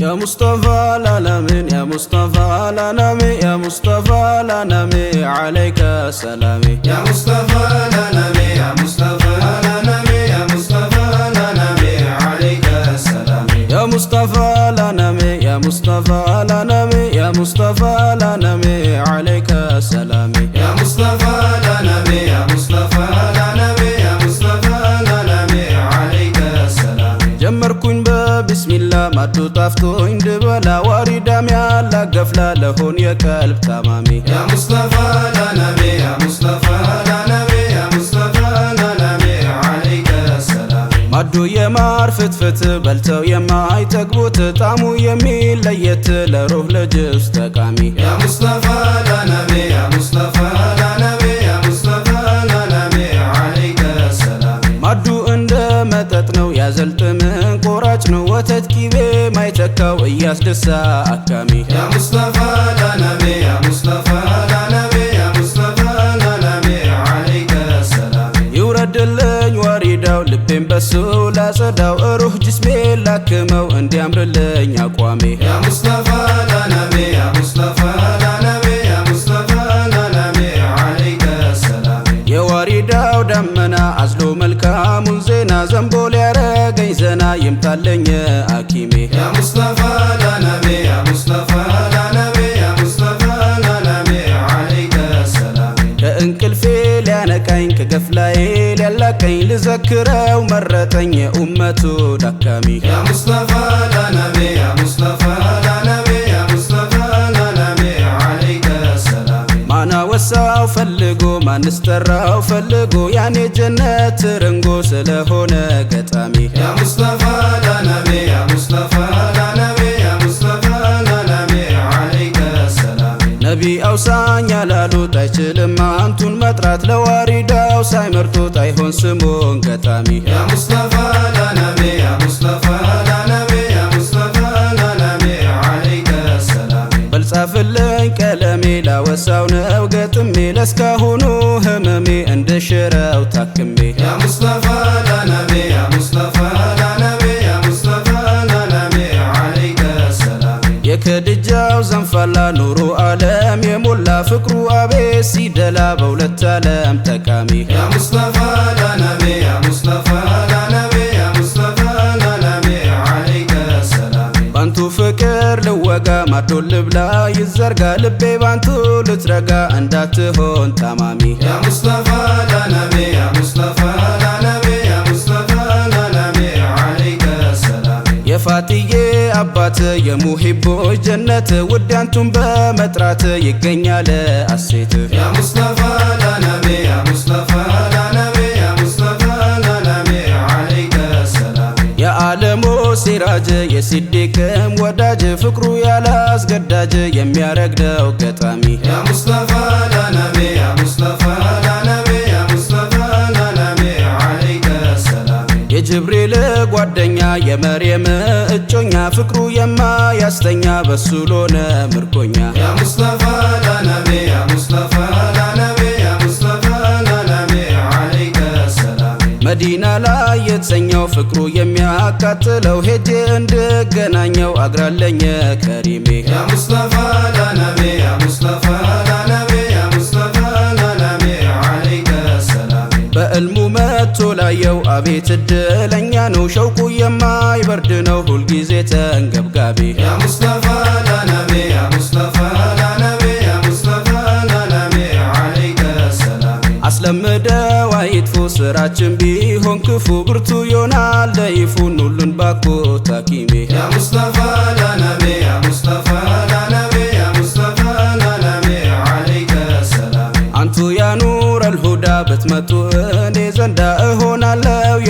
يا مصطفى لا نمين يا مصطفى لا نمين يا مصطفى لا نمين عليك سلامي يا مصطفى لا نمين يا مصطفى لا نمين يا مصطفى لا نمين عليك سلامي يا مصطفى لا نمين يا مصطفى لا نمين يا مصطفى لا نمين ለሆን የቀልብ ታማሚ ያ ሙስጠፋ ላናቤ ያ ሙስጠፋ ያ ሙስጠፋ ማዱ የማር ፍትፍት በልተው የማይጠግቡት ጣሙ የሚለየት ለሩህ ለጅብስ ጠቃሚ ያ ሙስጠፋ ያ ሙስጠፋ የለካው እያስደሳ አካሚ ሙስጠፋ ይውረድልኝ ወሪዳው ልቤን በሱ ላጸዳው ሩህ ጅስሜ ላክመው እንዲያምርልኝ አቋሜ ሙስጠፋ ይምታለኝ አኪሜ ያሙስጠፋ ላነቤ ያሙስጠፋ ላነቤ ያሙስጠፋ ላነቤ ዓለይከ ሰላሜ ከእንቅልፌ ሊያነቃኝ ከገፍላዬ ሊያላቀኝ ልዘክረው መረጠኝ የኡመቱ ዳካሚ ያሙስጠፋ ላነቤ ያሙስጠፋ ጠራው ፈልጎ ማንስ ጠራው ፈልጎ ያኔ ጀነት ትርንጎ ስለሆነ ገጣሚ ያሙስጠፋ ላነቢ ያሙስጠፋ ላነቢ ያሙስጠፋ ላነቢ ዓለይከ ሰላሚ ነቢ አውሳኝ ያላሉት አይችልም አንቱን መጥራት ለዋሪዳው ሳይመርቶት አይሆን ስሞን ገጣሚ ያሙስጠፋ ላነቢ ያሙስጠፋ ኑሮ ዓለም የሞላ ፍቅሩ አቤት ሲደላ በሁለት ዓለም ጠቃሚ ባንቱ ፍቅር ልወጋ ማዶ ልብላ ይዘርጋ ልቤ ባንቱ ልትረጋ እንዳትሆን ታማሚ ሙስጠፋ ላነቤ ሙስጠፋ የፋትዬ አባት የሙሂቦች ጀነት ውድ በመጥራት ይገኛል አሴት ያ ሙስጠፋ ላናቤ ያ የዓለሙ ሲራጅ የሲዲቅም ወዳጅ ፍቅሩ ያለ አስገዳጅ የሚያረግደው ገጣሚ ያ ሙስጠፋ ላናቤ የምእጮኛ ፍቅሩ የማያስተኛ በሱ ሎነ ምርኮኛ ላናቤ ላናቤ ላናቤ አለይከ ሰላሜ መዲና ላይ የተሰኘው ፍቅሩ የሚያቃጥለው ሄጄ እንድገናኘው አግራለኝ ከሪሜ ያሙስጠፋ ላናቤ ያየው አቤት እድለኛ ነው ሸውቁ የማይበርድ ነው ሁልጊዜ ተንገብጋቢ ያሙስጠፋ ላነቤ አስለምደው አይጥፎ ስራችን ቢሆን ክፉ ብርቱ ይሆናል ለይፉን ሁሉን ባኮ ታኪሜ ያሙስጠፋ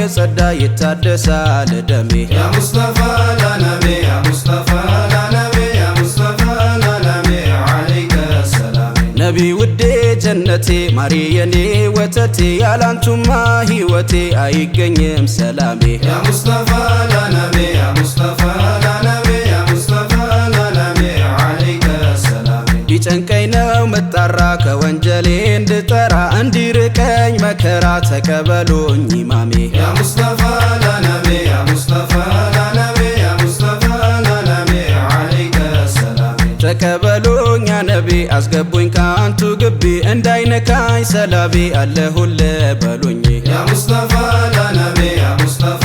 የጸዳ ይታደሳል ደሜ ያሙስጠፋ ላነቤ ያሙስጠፋ ላነቤ ያሙስጠፋ ላነቤ ዓለይከ ሰላሜ ነቢ ውዴ ጀነቴ ማሪ የኔ ወተቴ ያላንቱማ ህይወቴ አይገኝም ሰላሜ ያሙስጠፋ ላነቤ ያሙስጠፋ ላነቤ ብጣራ ከወንጀሌ እንድጠራ እንዲርቀኝ መከራ ተቀበሉኝ ኢማሜ ሰላሜ ተቀበሉኝ ያነቢ አስገቡኝ ከአንቱ ግቢ እንዳይነካኝ ሰላቢ አለሁለ በሉኝ ያሙስጠፋ ላነቤ ሙስጠፋ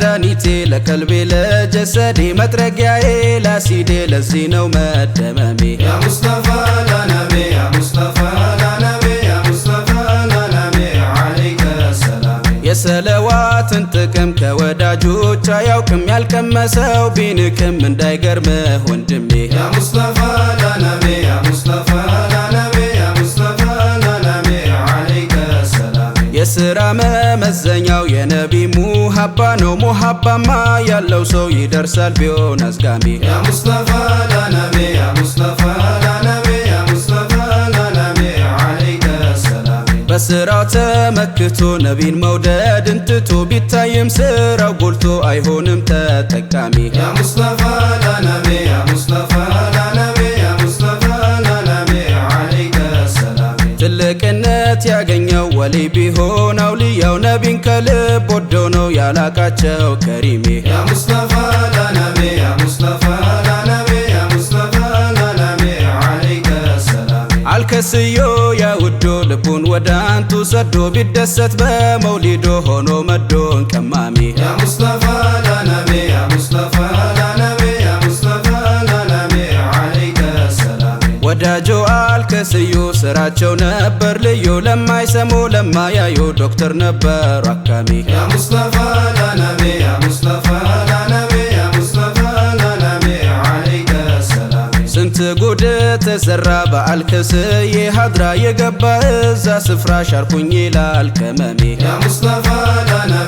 መድኃኒቴ ለከልቤ ለጀሰዴ መጥረጊያዬ ላሲዴ ለዚህ ነው መደመሜ የሰለዋትን ጥቅም ከወዳጆች አያውቅም ያልቀመሰው ቢንክም እንዳይገርምህ ወንድሜ ያሙስጠፋ ላናቤ ያሙስጠፋ የሥራ መመዘኛው የነቢ ሙሃባ ነው። ሙሃባማ ያለው ሰው ይደርሳል ቢሆን አዝጋሚ በስራ ተመክቶ ነቢን መውደድ እንትቶ ቢታይም ሥራው ጎልቶ አይሆንም ተጠቃሚ ያሙስጠፋ ላነቤ ወሊ ቢሆን አውልያው ነቢን ከልብ ወዶ ነው ያላቃቸው ከሪሜ ያሙስጠፋ ላነቤ ያሙስጠፋ ላነቤ ያሙስጠፋ ላነቤ ዓለይከ ሰላሜ አልከስዮ ያውዶ ልቡን ወደ አንቱ ሰዶ ቢደሰት በመውሊዶ ሆኖ መዶን ቀማሚ ያሙስጠፋ ላነቤ ወዳጆ አልከስዩ ስራቸው ነበር ልዩ ለማይሰሙ ለማያዩ ዶክተር ነበሩ አካሚ ያሙስጠፋ ያሙስጠፋ ያሙስጠፋ ስንት ጉድ ተሰራ በአልከስዬ ሀድራ የገባ እዛ ስፍራ ሻርኩኝ ይላል ከመሜ ያሙስጠፋ ላነቢ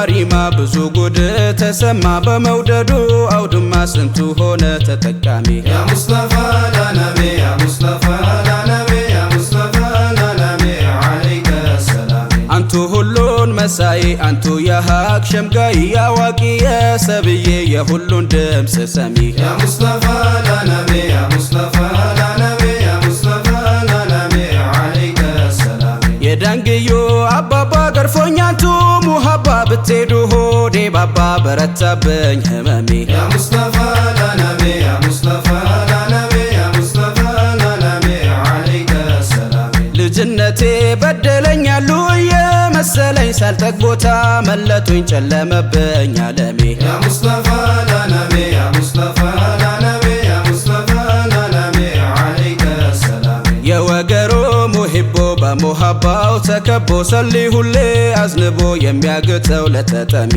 ባሪማ ብዙ ጉድ ተሰማ በመውደዱ አውድማ ስንቱ ሆነ ተጠቃሚ አንቱ ሁሉን መሳይ አንቱ የሀቅ ሸምጋይ ያዋቂ የሰብዬ የሁሉን ድምፅ ሰሚ ያሙስጠፋ ላነቤ ያሙስጠፋ ተርፎኛቱ ሙሀባ ብትሄዱ ሆዴ ባባ በረታብኝ ህመሜ ልጅነቴ በደለኝ ያሉ የመሰለኝ ቦታ መለቱኝ ጨለመብኝ አለሜ በሞሃባው ተከቦ ሰሊ ሁሌ አዝንቦ የሚያግጠው ለተጠሚ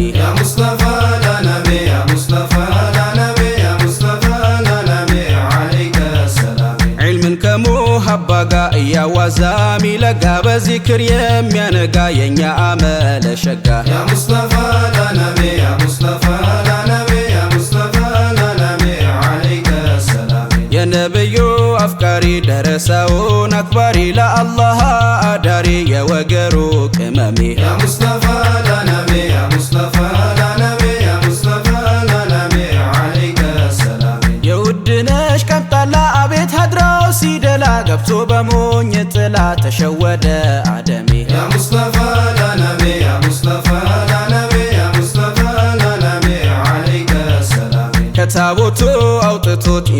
ዒልምን ከሞሃባ ጋር እያዋዛ ሚለጋ በዚክር የሚያነጋ የእኛ አመለ ሸጋ የነብዩ አፍቃሪ ደረሰውን አክባሪ ለአላህ አዳሪ የወገሩ ቅመሜ ሙስጠፋ ላነቤ ሙስጠፋ ላነቤ ሙስጠፋ ላነቤ ዓለይከ ሰላሜ የውድነሽ ቀምጣላ አቤት አድራው ሲደላ ገብቶ በሞኝ ጥላ ተሸወደ አደሜ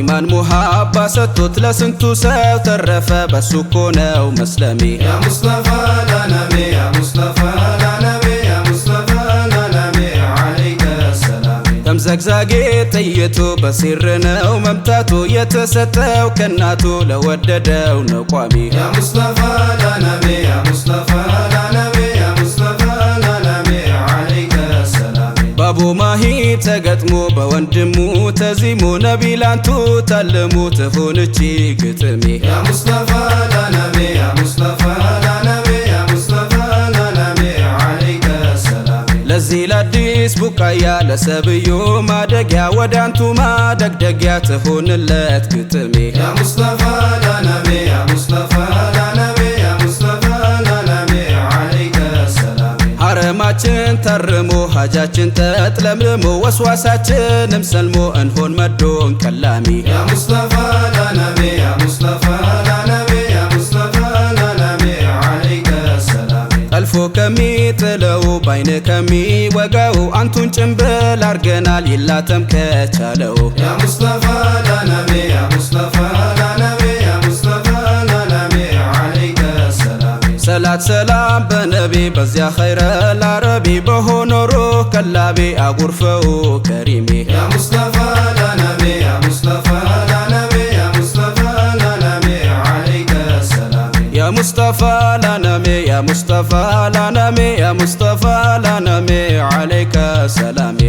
ኢማን ሙሃባ ሰጥቶት ለስንቱ ሰው ተረፈ። በሱ እኮ ነው መስለሜ ያሙስጠፋ ላነሜ ያሙስጠፋ ላነሜ ያሙስጠፋ ላነሜ ዓለይከ ሰላሜ ተምዘግዛጌ ጥይቱ በሲር ነው መምታቱ የተሰጠው ከናቱ ለወደደው ነው ቋሚ ያሙስጠፋ ላነሜ ያሙስጠፋ ኩማሂ ተገጥሞ በወንድሙ ተዚሞ ነቢላንቱ ታለሙ ትሆንቺ ግጥሜ ያሙስጠፋ ላነሜ ለዚህ ለአዲስ ቡቃያ ለሰብዮ ማደጊያ ወዳንቱ ማደግደጊያ ትሆንለት ግጥሜ ያሙስጠፋ ላነሜ ያሙስጠፋ ቁራችን ተርሞ ሀጃችን ተጥለምልሞ ወስዋሳችንም ሰልሞ እንሆን መዶን ቀላሚ ሙስጠፋ ላነቢ ሙስጠፋ ከሚጥለው ባይነ ከሚወጋው አንቱን ጭንብል አርገናል ይላተም ከቻለው ሙስጠፋ ላነቢ ሰላት ሰላም በነቢ በዚያ ኸይረ ነቢ በሆን ኖሮ ከላቤ አጉርፈው ከሪሜ ሙስጠፋ ላነሜ ያ ሙስጠፋ ላነሜ ያ ሙስጠፋ ላነሜ ዓለይከ ሰላሜ